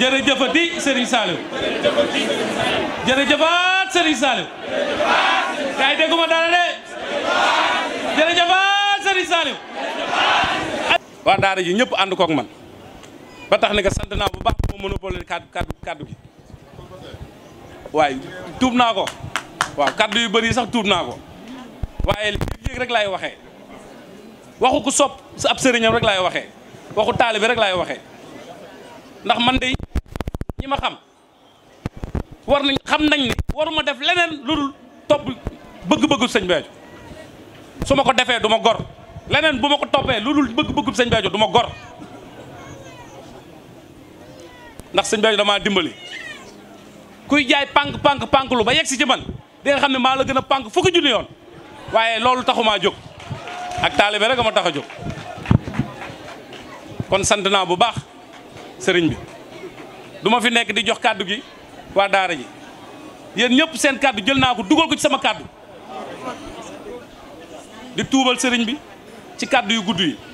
jërëjëfati Serigne Saliou jërëjëfaat Serigne Saliou kay dégguma dara de jërëjëfaat Serigne Saliou waa daara ji ñëpp ànd kook man ba tax ne sant naa bu baax moo monopole kaddu kaddu kaddu waaye tuub naa ko waaw kaddu yu bëri sax tuub naa ko waaye léeg-léeg rek laay waxe waxu ku sopp ab sëriñam rek laay waxee waxu taalibe rek laay waxe ndax man de ma xam war nañ xam nañ ni waruma def leneen lu dul topp bëgg-bëggu sëñ su ma ko defee du ma gor leneen bu ma ko toppee lu dul bëgg-bëggu sëñ Béthio du ma gor ndax sëñ Béthio damaa dimbali kuy jaay pànk pànk pànk lu ba yegg si ci man di nga xam ne maa la gën a pànk fukki junni yoon waaye loolu taxumaa jóg ak taalibe rek ma tax a jóg kon sant naa bu baax sëriñ bi duma fi nekk di jox kàddu gi waa daara ji yéen ñëpp seen kàddu jël naa ko dugal ko ci sama kàddu di tuubal sëriñ bi ci kàddu yu gudd yi